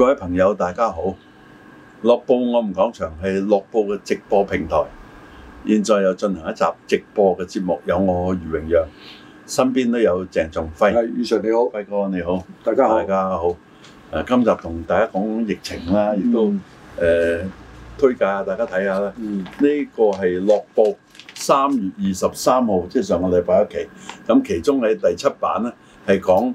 各位朋友，大家好！樂報我哋講場，係樂報嘅直播平台。現在又進行一集直播嘅節目，有我余榮陽，身邊都有鄭仲輝。係，余 Sir 你好，輝哥你好，大家好，大家好。誒，今集同大家講疫情啦，亦都誒推介下大家睇下啦。呢個係樂報三月二十三號，即係上個禮拜一期。咁其中喺第七版咧，係講。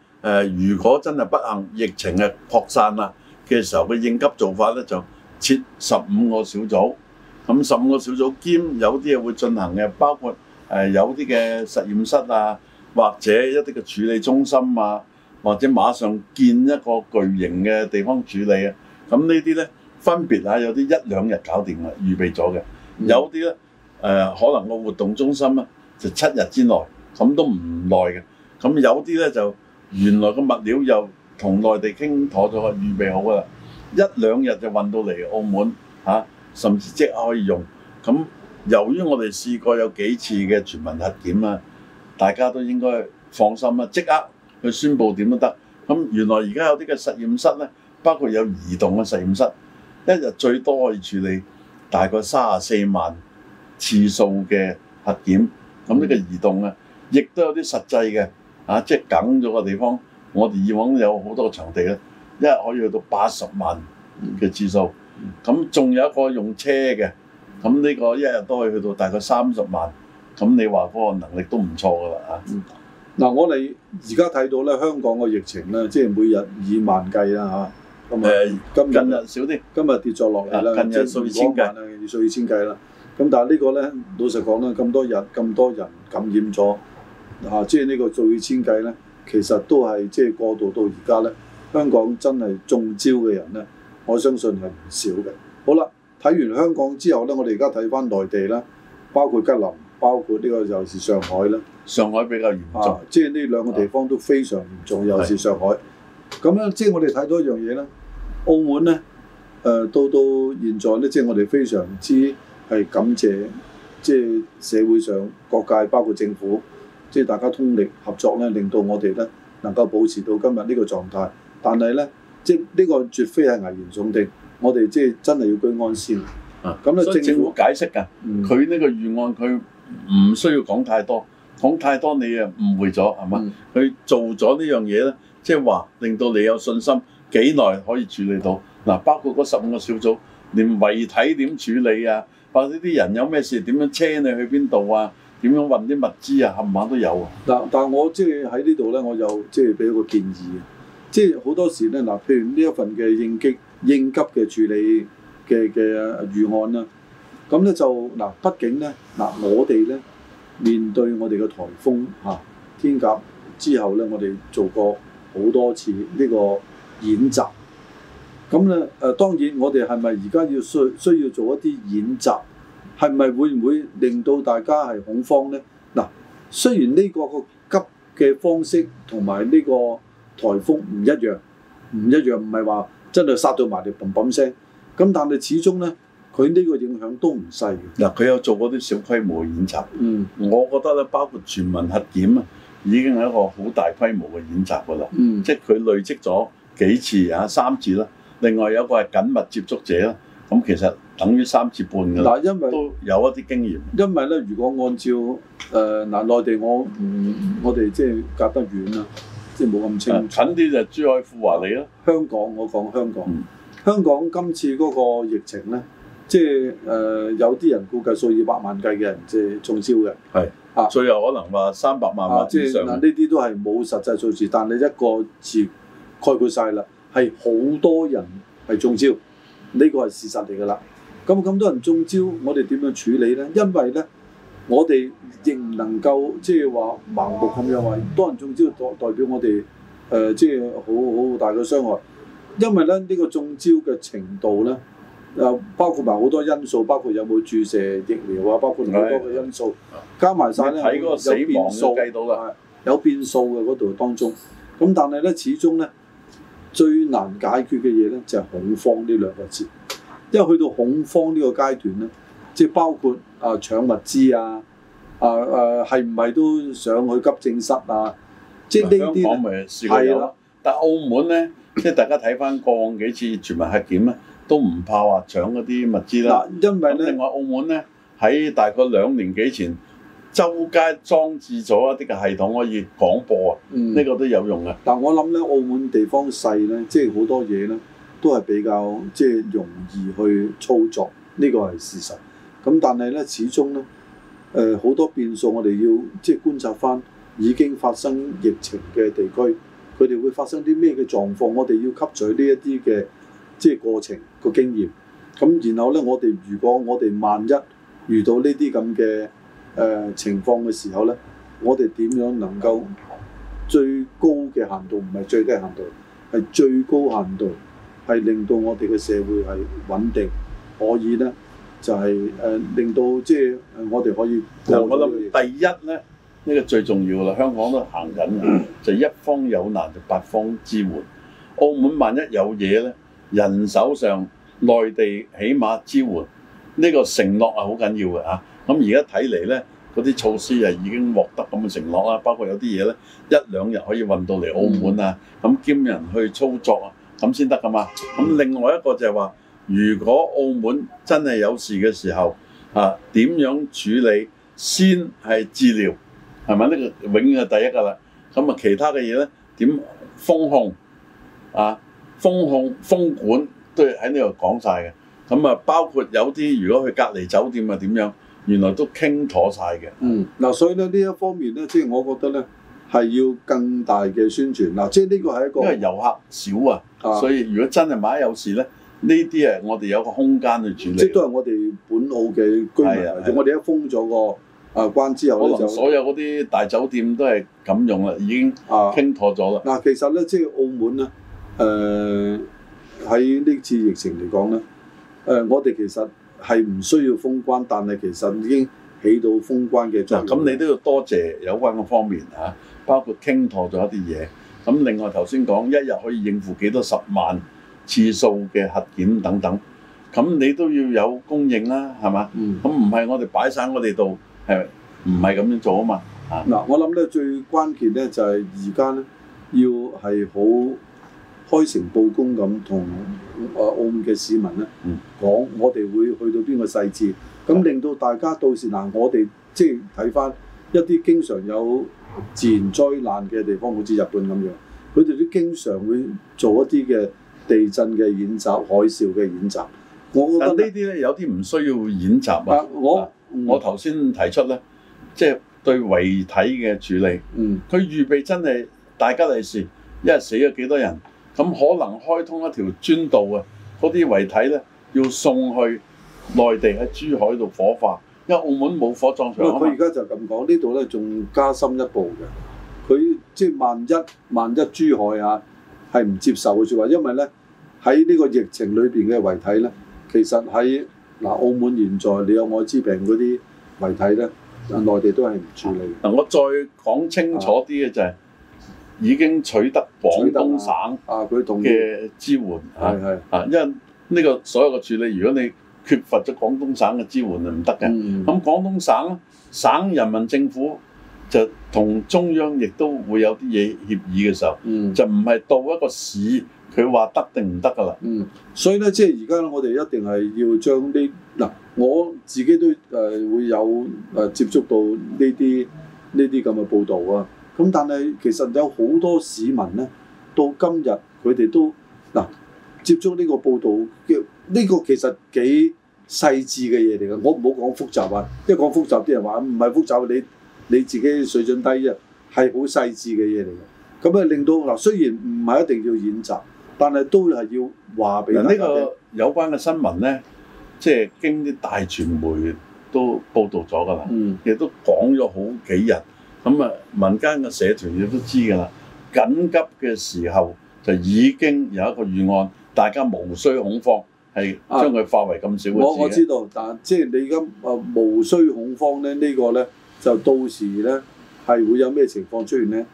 誒，如果真係不幸疫情嘅擴散啊嘅時候，嘅應急做法呢就設十五個小組，咁十五個小組兼有啲嘢會進行嘅，包括誒有啲嘅實驗室啊，或者一啲嘅處理中心啊，或者馬上建一個巨型嘅地方處理啊，咁呢啲呢分別啊有啲一兩日搞掂啦，預備咗嘅，有啲呢誒可能個活動中心呢就七日之內，咁都唔耐嘅，咁有啲呢就。原來嘅物料又同內地傾妥咗，預備好㗎啦，一兩日就運到嚟澳門嚇、啊，甚至即刻可以用。咁、嗯、由於我哋試過有幾次嘅全民核檢啦，大家都應該放心啦。即刻去宣佈點都得。咁、嗯、原來而家有啲嘅實驗室呢，包括有移動嘅實驗室，一日最多可以處理大概三十四萬次數嘅核檢。咁、嗯、呢、這個移動啊，亦都有啲實際嘅。啊！即係梗咗個地方，我哋以往有好多個場地咧，一日可以去到八十萬嘅次數。咁、嗯、仲有一個用車嘅，咁呢個一日都可以去到大概三十萬。咁你話嗰個能力都唔錯㗎啦！啊，嗱，我哋而家睇到咧，香港個疫情咧，即係每日以萬計啦嚇。咁、啊、誒，今日少啲，今跌、啊、近日跌咗落嚟啦。今日數以千計啦，數以千計啦。咁但係呢個咧，老實講啦，咁多日咁多人感染咗。啊！即係呢個數以千計呢，其實都係即係過渡到而家呢，香港真係中招嘅人呢，我相信係唔少嘅。好啦，睇完香港之後呢，我哋而家睇翻內地啦，包括吉林，包括呢個又是上海啦。上海比較嚴重，即係呢兩個地方都非常嚴重，又、啊、是上海。咁樣，即、啊、係、就是、我哋睇到一樣嘢咧，澳門呢，誒、呃、到到現在呢，即、就、係、是、我哋非常之係感謝，即、就、係、是、社會上各界包括政府。即係大家通力合作咧，令到我哋咧能夠保持到今日呢個狀態。但係咧，即呢個絕非係危言聳聽，我哋即係真係要居安思危、嗯。啊，咁啊，政府解釋㗎、啊，佢、嗯、呢個預案，佢唔需要講太多，講太多你啊誤會咗係嘛？佢、嗯、做咗呢樣嘢咧，即係話令到你有信心，幾耐可以處理到嗱？包括嗰十五個小組，連遺體點處理啊？或者啲人有咩事，點樣車你去邊度啊？點樣運啲物資啊？冚唪唥都有啊！嗱，但係我即係喺呢度咧，我有即係俾一個建議，即係好多時咧嗱，譬如呢一份嘅應急應急嘅處理嘅嘅預案啦，咁咧就嗱，畢竟咧嗱，我哋咧面對我哋嘅颱風嚇、啊、天鴿之後咧，我哋做過好多次呢個演習，咁咧誒當然我哋係咪而家要需需要做一啲演習？係咪會唔會令到大家係恐慌呢？嗱，雖然呢個個急嘅方式同埋呢個颱風唔一樣，唔一樣唔係話真係殺到埋嚟砰砰聲，咁但係始終呢，佢呢個影響都唔細嗱，佢有做過啲小規模嘅演習，嗯，我覺得咧，包括全民核檢啊，已經係一個好大規模嘅演習㗎啦，嗯，即係佢累積咗幾次啊，三次啦，另外有個係緊密接觸者啦。咁其實等於三次半㗎，但因為，都有一啲經驗。因為咧，如果按照誒嗱、呃呃、內地我、嗯嗯，我我哋即係隔得遠啦，即係冇咁清楚。啊、近啲就珠海富華嚟咯。香港我講香港、嗯，香港今次嗰個疫情咧，即係誒有啲人估計數以百萬計嘅人即係中招嘅。係啊，最有可能話三百萬或者以上。嗱呢啲都係冇實際數字，但係一個字概括晒啦，係好多人係中招。呢、這個係事實嚟㗎啦。咁咁多人中招，我哋點樣處理咧？因為咧，我哋亦唔能夠即係話盲目咁樣話，多人中招代代表我哋誒、呃、即係好好大嘅傷害。因為咧，呢、這個中招嘅程度咧，又、呃、包括埋好多因素，包括有冇注射疫苗啊、哎，包括好多嘅因素，哎、加埋曬咧死亡變數計到啦，有變數嘅嗰度當中。咁但係咧，始終咧。最難解決嘅嘢咧，就係恐慌呢兩個字。因為去到恐慌呢個階段咧，即係包括啊搶物資啊，啊啊係唔係都上去急症室啊？即、嗯、係、就是、呢啲係咯。但係澳門咧，即係大家睇翻過往幾次全民核檢咧，都唔怕話搶嗰啲物資啦。因為咧，另外澳門咧喺大概兩年幾前。周街裝置咗一啲嘅系統可以廣播啊，呢、嗯呢個都有用嘅。但我諗咧，澳門地方細咧，即係好多嘢咧，都係比較即係、即係、容易去操作，呢、呢個係事實。咁但係咧，始終咧，誒、呃、好多變數我，我哋要即係觀察翻已經發生疫情嘅地區，佢哋會發生啲咩嘅狀況，我哋要吸取呢一啲嘅即係過程、嗰個經驗。咁然後咧，我哋如果我哋萬一遇到呢啲咁嘅，誒、呃、情況嘅時候呢，我哋點樣能夠最高嘅限度唔係最低限度，係最高限度，係令到我哋嘅社會係穩定，可以呢，就係、是呃、令到即係、呃、我哋可以。我諗第一呢，呢、這個最重要啦。香港都行緊、嗯、就一方有難就八方支援。澳門萬一有嘢呢，人手上內地起碼支援，呢、這個承諾係好緊要嘅咁而家睇嚟呢，嗰啲措施啊已經獲得咁嘅承諾啦，包括有啲嘢呢，一兩日可以運到嚟澳門，嗯，啊，咁兼人去操作啊，咁先得噶嘛。咁另外一個就係話，如果澳門真係有事嘅時候啊，點樣處理先係治療，係咪呢個永遠係第一噶啦？咁啊，其他嘅嘢呢，點封控啊，封控封管都係喺呢度講晒嘅。咁啊，包括有啲如果去隔離酒店啊點樣。原來都傾妥晒嘅。嗯，嗱、啊，所以咧呢一方面咧，即、就、係、是、我覺得咧係要更大嘅宣傳。嗱、啊，即係呢個係一個因為遊客少啊，啊，所以如果真係萬一有事咧，呢啲係我哋有個空間去處理。即都係我哋本澳嘅居民。啊啊、我哋一封咗個啊關之後，可能所有嗰啲大酒店都係噉用啦，已經傾妥咗啦。嗱、啊啊，其實咧，即、就、係、是、澳門咧，誒喺呢次疫情嚟講咧，誒、呃、我哋其實。係唔需要封關，但係其實已經起到封關嘅作用。咁你都要多謝有關嘅方面嚇，包括傾妥咗一啲嘢。咁另外頭先講，一日可以應付幾多十萬次數嘅核檢等等，咁你都要有供應啦，係嘛？嗯、咁唔係我哋擺曬我哋度係唔係咁樣做啊嘛？嗱，我諗咧最關鍵咧就係而家咧要係好。開誠佈公咁同啊澳門嘅市民咧講，嗯、講我哋會去到邊個細節，咁、嗯、令到大家到時嗱，我哋即係睇翻一啲經常有自然災難嘅地方，好、嗯、似日本咁樣，佢哋都經常會做一啲嘅地震嘅演習、嗯、海嘯嘅演習。我覺得呢啲咧有啲唔需要演習啊，啊！我、嗯、我頭先提出咧，即、就、係、是、對遺體嘅處理，佢、嗯、預備真係大吉利是，因為死咗幾多人。咁可能開通一條專道啊，嗰啲遺體呢，要送去內地喺珠海度火化，因為澳門冇火葬場。佢而家就咁講，呢度呢，仲加深一步嘅，佢即係萬一萬一珠海啊，係唔接受嘅説話，因為呢，喺呢個疫情裏邊嘅遺體呢，其實喺嗱澳門現在你有愛滋病嗰啲遺體呢，啊內地都係唔處理。嗱、啊，我再講清楚啲嘅就係、是。已經取得廣東省嘅支援，係係啊，啊啊是是，因為呢個所有嘅處理，如果你缺乏咗廣東省嘅支援係唔得嘅，就唔得嘅。咁廣東省省人民政府就同中央亦都會有啲嘢協議嘅時候，嗯、就唔係到一個市佢話得定唔得㗎啦。嗯，所以咧，即係而家我哋一定係要將啲嗱，我自己都誒、呃、會有誒接觸到呢啲呢啲咁嘅報導啊。咁但係其實有好多市民咧，到今日佢哋都嗱、啊、接觸呢個報導，呢、呢個其實幾細緻嘅嘢嚟嘅。我唔好講複雜啊，一講複雜啲人話唔係複雜，你你自己水準低啫，係好細緻嘅嘢嚟嘅。咁啊令到嗱、啊，雖然唔係一定要演習，但係都係要話俾人呢個有關嘅新聞咧，即、就、係、是、經啲大傳媒都報導咗㗎啦，亦、嗯、都講咗好幾日。咁啊，民間嘅社團亦都知㗎啦。緊急嘅時候就已經有一個預案，大家無需恐慌，係將佢化為咁少嘅字。我我知道，但即係你而家啊無需恐慌咧，這個、呢個咧就到時咧係會有咩情況出現咧？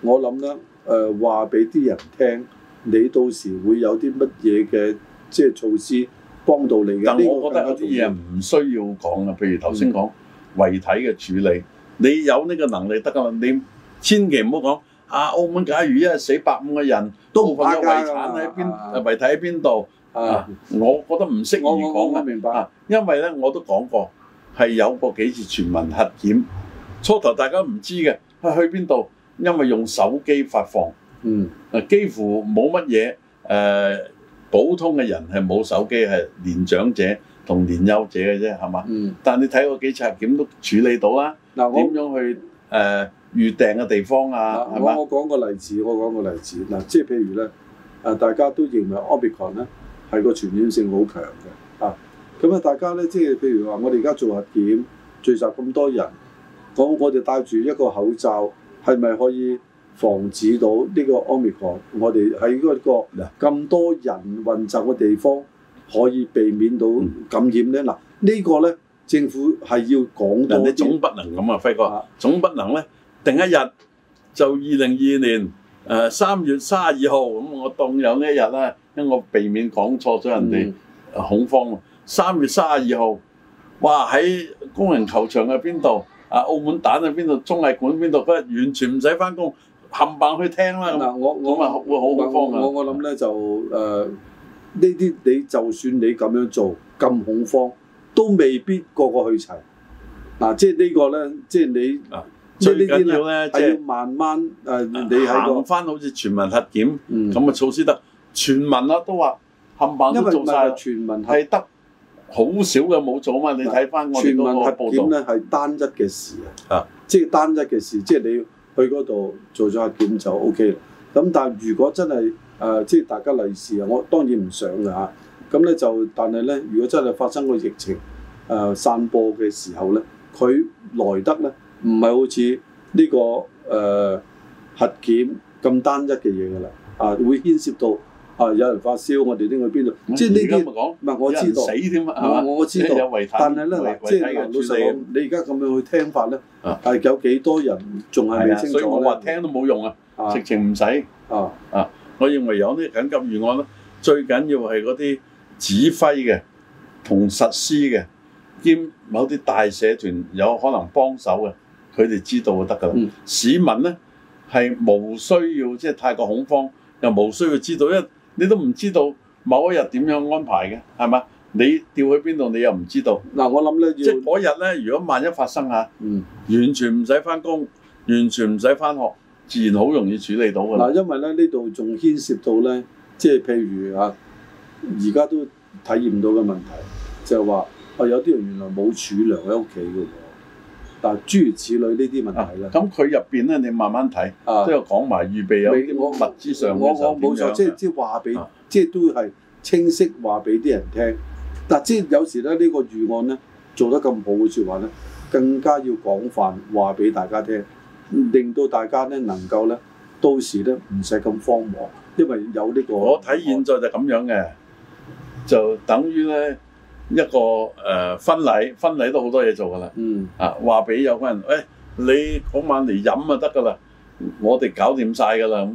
我諗咧誒話俾啲人聽，你到時會有啲乜嘢嘅即係措施幫到你。但我覺得有啲嘢唔需要講啊，譬如頭先講遺體嘅處理。你有呢個能力得噶嘛？你千祈唔好講啊！澳門假如一日死百五個人都，都唔份㗎。遺產喺邊？遺體喺邊度？啊，我覺得唔適宜講。我明白啊，因為咧我都講過係有過幾次全民核檢，初頭大家唔知嘅，去去邊度？因為用手機發放，嗯，啊幾乎冇乜嘢誒普通嘅人係冇手機，係年長者。同年休者嘅啫，係嘛、嗯？但係你睇過幾次核檢都處理到啦。嗱，點樣去誒、呃、預訂嘅地方啊？係嘛？我講個例子，我講個例子嗱，即係譬如咧，誒大家都認為 Omicron 咧係個傳染性好強嘅啊。咁啊，大家咧即係譬如話，我哋而家做核檢，聚集咁多人，我我哋戴住一個口罩，係咪可以防止到呢個 Omicron？我哋喺嗰個咁多人混集嘅地方？可以避免到感染咧？嗱、嗯，這個、呢個咧政府係要講，但你哋總不能咁啊，輝哥、啊，總不能咧定一天就、呃、日就二零二年誒三月卅二號咁，噉我當有一日啦，因為我避免講錯咗人哋、嗯、恐慌三月卅二號，哇喺工人球場嘅邊度啊，澳門蛋喺邊度，綜藝館邊度，嗰日完全唔使翻工，冚棒去聽啦！嗱、啊，我我會好恐慌我我諗咧就誒。呃呢啲你就算你咁樣做咁恐慌，都未必個個去齊。嗱、啊，即係呢個咧，即係你即呢啲料咧，即要，要慢慢誒、就是啊，你用翻好似全民核檢咁嘅、嗯、措施得。全民啦都話冚唪唥都做晒，全民係得好少嘅冇做啊嘛。啊，你睇翻我全個全民核檢咧係單一嘅事啊，即係單一嘅事，即係你去嗰度做咗核檢就 O K 啦。咁但係如果真係誒、呃，即係大家利是啊！我當然唔想㗎吓。咁、啊、咧就，但係咧，如果真係發生個疫情誒、呃、散播嘅時候咧，佢來得咧，唔係好似呢個誒、呃、核檢咁單一嘅嘢㗎啦。啊，會牽涉到啊，有人發燒，我哋拎去邊度、嗯？即係呢啲唔係我知道，死添、啊、我知道，有但係咧，即係、就是、老實講、啊，你而家咁樣去聽法咧，係、啊、有幾多人仲係未清楚、啊、所以我話聽都冇用啊，直情唔使啊啊！我認為有啲緊急預案咯，最緊要係嗰啲指揮嘅同實施嘅，兼某啲大社團有可能幫手嘅，佢哋知道就得㗎啦。嗯、市民咧係無需要即係太過恐慌，又無需要知道，因為你都唔知道某一日點樣安排嘅，係嘛？你調去邊度你又唔知道。嗱、嗯，我諗咧要即係嗰日咧，如果萬一發生嚇，完全唔使返工，完全唔使返學。自然好容易處理到㗎啦。嗱，因為咧呢度仲牽涉到咧，即係譬如啊，而家都體驗到嘅問題，就係話啊，有啲人原來冇儲糧喺屋企嘅喎。但諸如此類呢啲問題咧，咁佢入面咧，你慢慢睇、啊，即係講埋預備有啲我物資上我我冇錯，即係即係話俾，即係都係清晰話俾啲人聽。但即係有時咧，呢個預案咧做得咁好嘅說話咧，更加要廣泛話俾大家聽。令到大家咧能夠咧到時咧唔使咁慌忙，因為有呢個。我睇現在就咁樣嘅，就等於咧一個誒婚禮，婚禮都好多嘢做㗎啦。嗯啊，話俾有個人誒，你嗰晚嚟飲就得㗎啦，我哋搞掂晒㗎啦。咁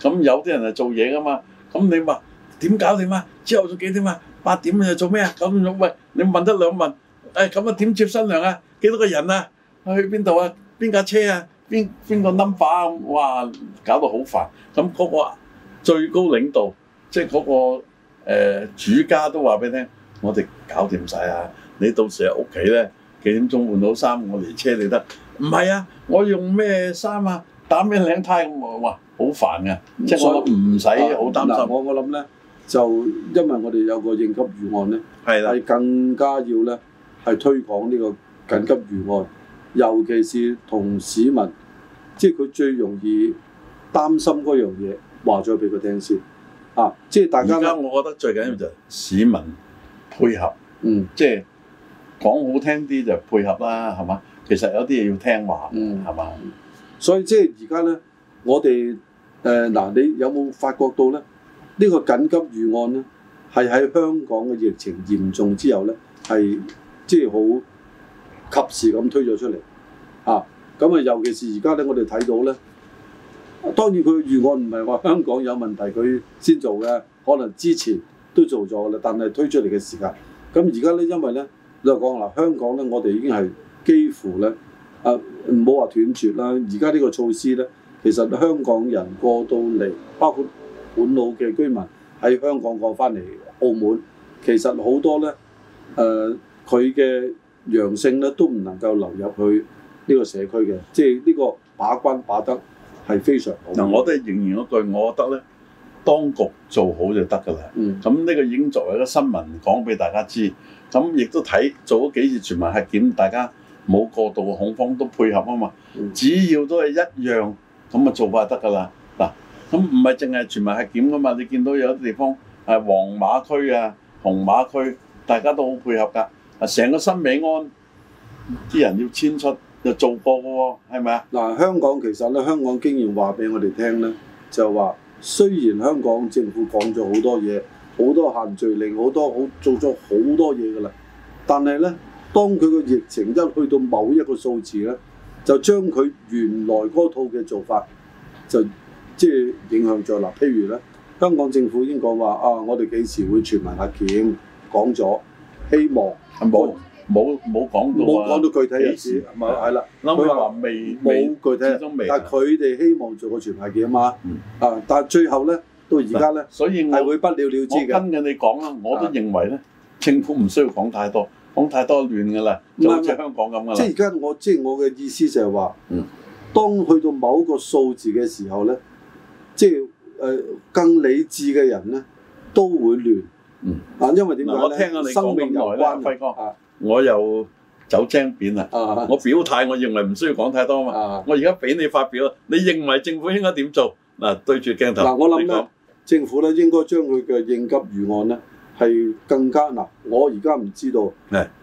咁有啲人係做嘢㗎嘛，咁你話點搞掂啊？之後做幾點啊？八點你做咩啊？咁樣喂，你問得兩問誒，咁啊點接新娘啊？幾多個人啊？去邊度啊？邊架車啊？邊邊個 number 啊？哇！搞到好煩。咁嗰個最高領導，即係、那、嗰個、呃、主家都話俾你聽：我哋搞掂晒啊！你到時喺屋企咧幾點鐘換到衫，我嚟車你得。唔係啊，我用咩衫啊？打咩領呔咁啊？哇！好煩嘅、啊，即係我唔使好擔心。啊、我我諗咧，就因為我哋有個應急預案咧，係啦更加要咧係推廣呢個緊急預案。尤其是同市民，即係佢最容易擔心嗰樣嘢，話咗俾佢聽先。啊，即係大家，我覺得最緊要就係市民配合。嗯，嗯，即係講好聽啲就配合啦，係嘛？其實有啲嘢要聽話，嗯，係嘛？所以即係而家咧，我哋誒嗱，你有冇發覺到咧？呢個緊急預案咧，係喺香港嘅疫情嚴重之後咧，係即係好。及時咁推咗出嚟，啊，咁啊，尤其是而家咧，我哋睇到咧，當然佢如果唔係話香港有問題佢先做嘅，可能之前都做咗啦，但係推出嚟嘅時間，咁而家咧，因為咧，你話講嗱，香港咧，我哋已經係幾乎咧，誒、啊，唔好話斷絕啦，而家呢個措施咧，其實香港人過到嚟，包括本澳嘅居民喺香港過翻嚟澳門，其實好多咧，誒、呃，佢嘅。陽性咧都唔能夠流入去呢個社區嘅，即係呢個把關把得係非常好的。嗱，我都仍然嗰句，我覺得咧，當局做好就得㗎啦。嗯，咁呢個已經作為一個新聞講俾大家知。咁亦都睇做咗幾次全民核檢，大家冇過度恐慌都配合啊嘛，嗯。只要都係一樣咁嘅做法就得㗎啦。嗱，咁唔係淨係全民核檢㗎嘛？你見到有啲地方係黃碼區啊、紅碼區，大家都好配合㗎。啊！成個新美安啲人要遷出又做過嘅喎，係咪啊？嗱，香港其實咧，香港經驗話俾我哋聽咧，就話雖然香港政府講咗好多嘢，好多限聚令，好多好做咗好多嘢㗎喇，但係咧，當佢個疫情一去到某一個數字咧，就將佢原來嗰套嘅做法就即係、就是、影響咗喇。譬如咧，香港政府已經講話啊，我哋幾時會全民核檢，講咗。希望冇冇冇講到冇、啊、講到具體嘅事，唔係係啦。佢話未冇具體，但係佢哋希望做個全排嘅啊嘛、嗯。啊！但係最後咧，到而家咧，所以係會不了了之嘅。我跟住你講啦，我都認為咧、嗯，政府唔需要講太多，講太多亂㗎啦，就好似香港咁㗎啦。即係而家我即係我嘅意思就係話、嗯，當去到某個數字嘅時候咧，即係誒、呃、更理智嘅人咧都會亂。嗯，啊，因為點解我聽下你生命有關哥、啊，我又走精片啦、啊。我表態，我認為唔需要講太多嘛、啊。我而家俾你發表，你認為政府應該點做？嗱、啊，對住鏡頭。嗱、啊，我諗咧，政府咧應該將佢嘅應急預案咧係更加嗱、呃。我而家唔知道，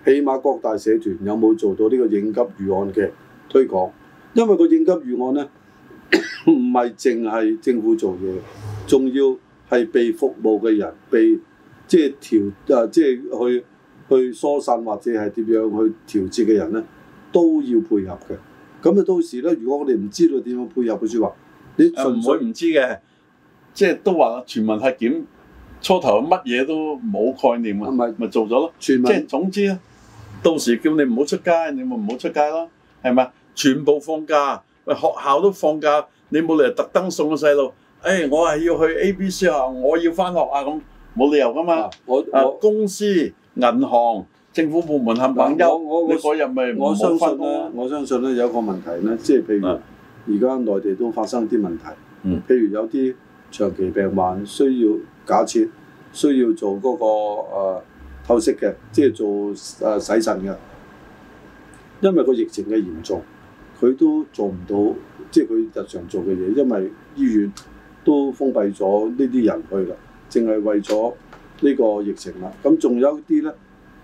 起碼各大社團有冇做到呢個應急預案嘅推廣？因為個應急預案咧唔係淨係政府做嘢，仲要係被服務嘅人被。即係調啊！即係去去疏散或者係點樣去調節嘅人咧，都要配合嘅。咁啊，到時咧，如果我哋唔知道點樣配合，佢先話，你唔、呃、會唔知嘅。即係都話全民核檢初頭乜嘢都冇概念啊，咪咪做咗咯。全民即係總之咧，到時叫你唔好出街，你咪唔好出街咯，係咪？全部放假，喂，學校都放假，你冇理由特登送個細路。誒、哎，我係要去 A B C 啊，我要返學啊咁。冇理由噶嘛！啊我啊我公司、銀行、政府部門冚唪唥，你嗰日咪冇分咯？我相信咧、啊啊，有一個問題咧，即係譬如而家內地都發生啲問題、嗯，譬如有啲長期病患需要假設需要做嗰、嗰個、啊、透析嘅，即係做誒、啊、洗腎嘅，因為個疫情嘅嚴重，佢都做唔到，即係佢日常做嘅嘢，因為醫院都封閉咗呢啲人去啦。淨係為咗呢個疫情啦，咁仲有一啲咧，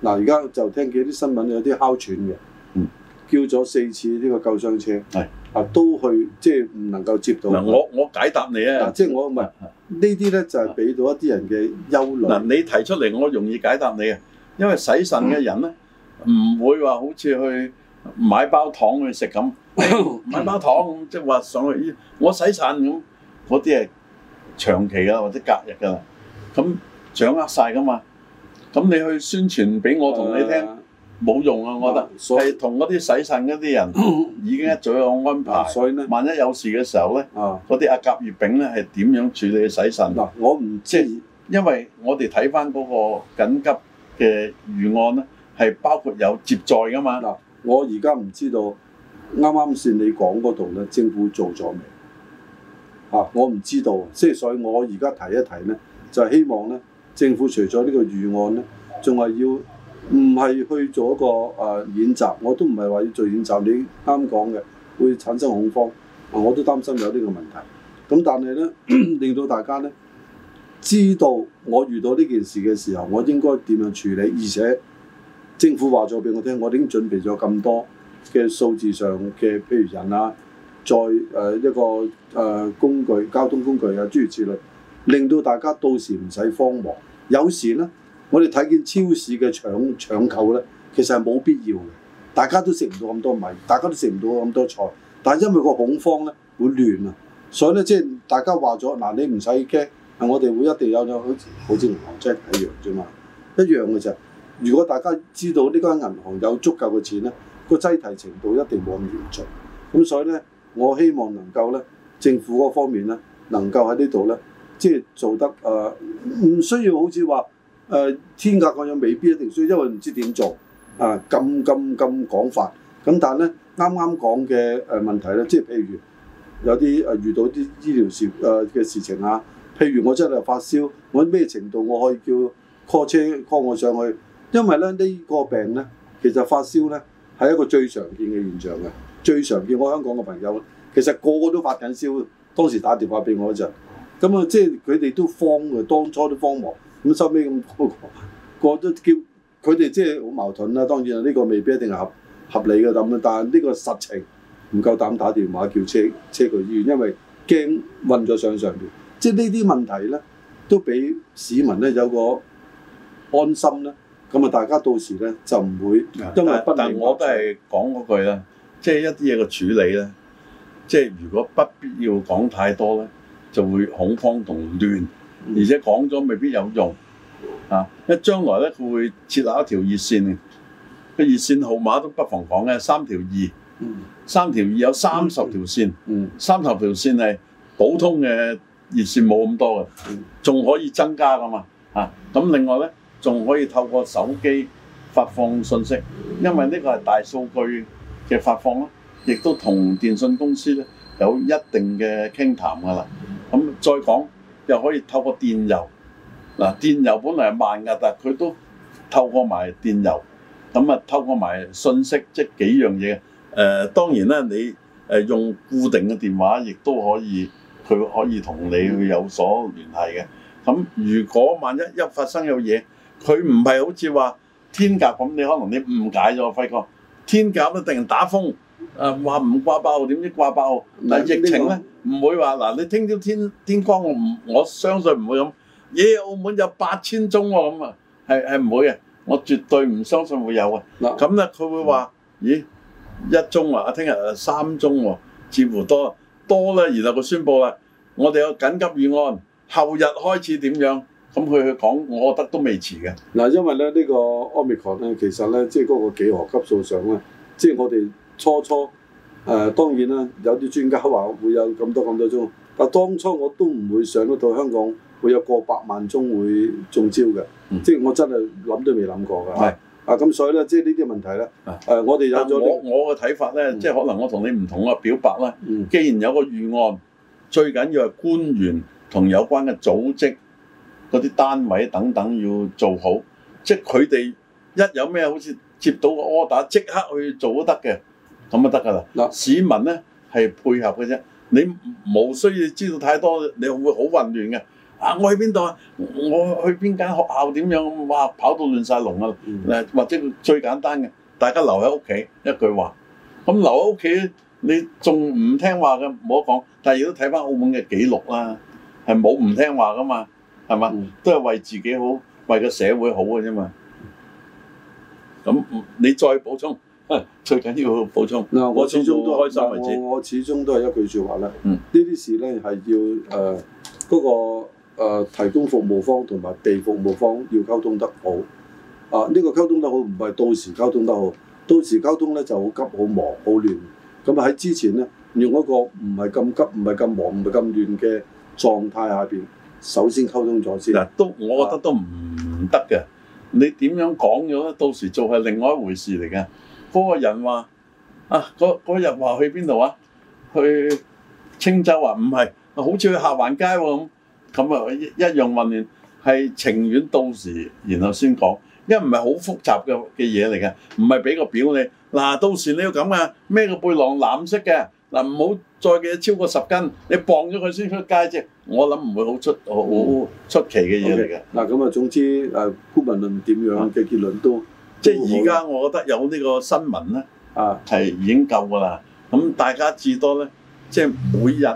嗱，而家就聽見啲新聞有啲哮喘嘅，嗯，叫咗四次呢個救傷車，係、嗯、啊都去即係唔能夠接到。嗱、嗯、我我解答你啊，即、啊、係、就是、我唔係、啊、呢啲咧就係俾到一啲人嘅憂慮。嗱、啊、你提出嚟我容易解答你啊，因為洗腎嘅人咧唔、嗯、會話好似去買包糖去食咁、嗯，買包糖咁即係話上去我洗腎咁，嗰啲係長期啊或者隔日㗎啦。咁掌握晒噶嘛？咁你去宣傳俾我同你聽冇、啊、用啊,啊！我覺得係同嗰啲洗腎嗰啲人已經一早有安排。嗯、所以咧，萬一有事嘅時候咧，嗰、啊、啲阿甲乙丙咧係點樣處理洗腎？嗱、啊，我唔即係，因為我哋睇翻嗰個緊急嘅預案咧，係包括有接載噶嘛。嗱、啊，我而家唔知道啱啱先你講嗰度咧，政府做咗未？啊，我唔知道，即係所以我而家提一提咧。就係、希望咧，政府除咗呢個預案咧，仲係要唔係去做一個誒、呃、演習？我都唔係話要做演習，你啱講嘅會產生恐慌，我都擔心有呢個問題。咁但係咧、呃，令到大家咧知道我遇到呢件事嘅時候，我應該點樣處理？而且政府話咗俾我聽，我已經準備咗咁多嘅數字上嘅，譬如人啊，再誒、呃、一個誒、呃、工具交通工具啊，諸如此類。令到大家到時唔使慌忙。有時呢，我哋睇見超市嘅搶搶購呢，其實係冇必要嘅。大家都食唔到咁多米，大家都食唔到咁多菜，但係因為個恐慌呢會亂啊。所以呢，即係大家話咗嗱，你唔使驚，我哋會一定有好似某銀行真係一樣啫嘛，一樣嘅就係，如果大家知道呢間銀行有足夠嘅錢呢，個擠提程度一定冇咁嚴重。咁所以呢，我希望能夠呢政府嗰方面呢，能夠喺呢度呢。即係做得誒，唔、呃、需要好似話誒天價嗰種，未必一定需要，因為唔知點做啊，咁咁咁講法。咁但係咧，啱啱講嘅誒問題咧，即係譬如有啲誒、呃、遇到啲醫療事誒嘅、呃、事情啊，譬如我真係發燒，我咩程度我可以叫 call 車 call 我上去？因為咧呢、呢個病咧，其實發燒咧係一個最常見嘅現象嘅，最常見我香港嘅朋友其實個個都發緊燒，當時打電話俾我嗰咁啊，即係佢哋都慌嘅，當初都慌忙。咁收尾咁過都叫佢哋，即係好矛盾啦。當然啊，呢個未必一定係合合理嘅咁啦。但係呢個實情唔夠膽打電話叫車車佢醫院，因為驚暈咗上上邊。即係呢啲問題咧，都俾市民咧有個安心啦。咁啊，大家到時咧就唔會因為不。但係我都係講嗰句啦，即係一啲嘢嘅處理咧，即係如果不必要講太多咧。就會恐慌同亂，而且講咗未必有用，啊！因為將來咧，佢會設立一條熱線嘅，個熱線號碼都不妨講嘅。三條二，嗯、三條二有三十條線，嗯嗯，三十條線係普通嘅熱線冇咁多嘅，仲可以增加噶嘛，啊！咁另外咧，仲可以透過手機發放信息，因為呢個係大數據嘅發放咯，亦都同電信公司咧有一定嘅傾談噶啦。咁再講，又可以透過電郵。嗱，電郵本嚟係慢㗎，但係佢都透過埋電郵，咁啊透過埋信息，即係幾樣嘢。誒、呃，當然啦，你誒用固定嘅電話，亦都可以，佢可以同你有所聯繫嘅。咁、嗯、如果萬一一發生有嘢，佢唔係好似話天鴿咁，你可能你誤解咗。輝哥，天鴿一定打風。啊！話唔掛爆點知掛爆？嗱、嗯、疫情咧唔、這個、會話嗱，你聽朝天天光，唔我，我相信唔會咁。咦？澳門有八千宗喎，咁啊，係係唔會嘅，我絕對唔相信會有啊。嗱咁咧，佢會話、嗯：咦，一宗啊！我聽日三宗喎、啊，似乎多多咧。然後佢宣布啦，我哋有緊急預案，後日開始點樣？咁佢去講，我覺得都未遲嘅。嗱、嗯，因為咧呢、這個 Omicron 咧，其實咧即係嗰個幾何級數上咧，即係我哋。初初誒、呃、當然啦，有啲專家話會有咁多咁多宗，但係當初我都唔會想得到香港會有過百萬宗會中招嘅、嗯，即係我真係諗都未諗過㗎嚇。啊咁所以咧，即係呢啲問題咧，誒、啊呃、我哋有咗我嘅睇、這個、法咧、嗯，即係可能我同你唔同啊，表白啦、嗯。既然有個預案，最緊要係官員同有關嘅組織嗰啲單位等等要做好，即係佢哋一有咩好似接到個 order，即刻去做都得嘅。咁就得噶啦！市民咧係配合嘅啫，你冇需要知道太多，你會好混亂嘅。啊，我去邊度啊？我去邊間學校點樣？哇，跑到亂晒龍啊、嗯！或者最簡單嘅，大家留喺屋企，一句話。咁留喺屋企，你仲唔聽話嘅唔好講。但係亦都睇翻澳門嘅紀錄啦，係冇唔聽話噶嘛，係嘛、嗯？都係為自己好，為個社會好嘅啫嘛。咁你再補充。最緊要補充嗱，我始終都開心為止。我始終都係一句説話咧，嗯，呢啲事咧係要誒嗰個誒提供服務方同埋被服務方要溝通得好。啊，呢個溝通得好唔係到時溝通得好，到時溝通咧就好急、好忙、好亂。咁啊喺之前咧用一個唔係咁急、唔係咁忙、唔係咁亂嘅狀態下邊，首先溝通咗先，都我覺得都唔得嘅。你點樣講咗，到時做係另外一回事嚟嘅。嗰、那個人話：啊，嗰日話去邊度啊？去青州啊？唔係，好似去下環街喎、啊、咁。咁啊一一樣問完，係情願到時然後先講，因為唔係好複雜嘅嘅嘢嚟嘅，唔係俾個表你嗱、啊，到時你要咁啊，孭個背囊藍色嘅嗱，唔、啊、好再嘅超過十斤，你磅咗佢先出街啫。我諗唔會好出好、嗯、出奇嘅嘢嚟嘅嗱，咁、okay, 啊總之啊，顧問論點樣嘅結論都。即係而家，我覺得有呢個新聞咧，係已經夠噶啦。咁、啊、大家至多咧，即係每日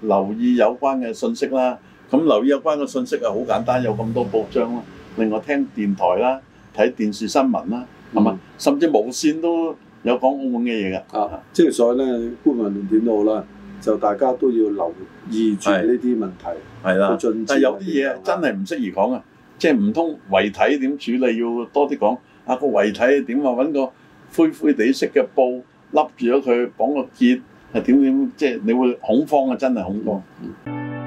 留意有關嘅信息啦。咁留意有關嘅信息啊，好簡單，有咁多報章啦。另外聽電台啦，睇電視新聞啦，係咪？甚至無線都有講澳門嘅嘢㗎。啊，即係所以咧，官民論點都好啦，就大家都要留意住呢啲問題。係啦，但有啲嘢真係唔適宜講啊，即係唔通遺體點處理要多啲講？啊個遺體點啊？搵個灰灰地色嘅布笠住咗佢，綁個結係點點？即係你會恐慌啊！真係恐慌。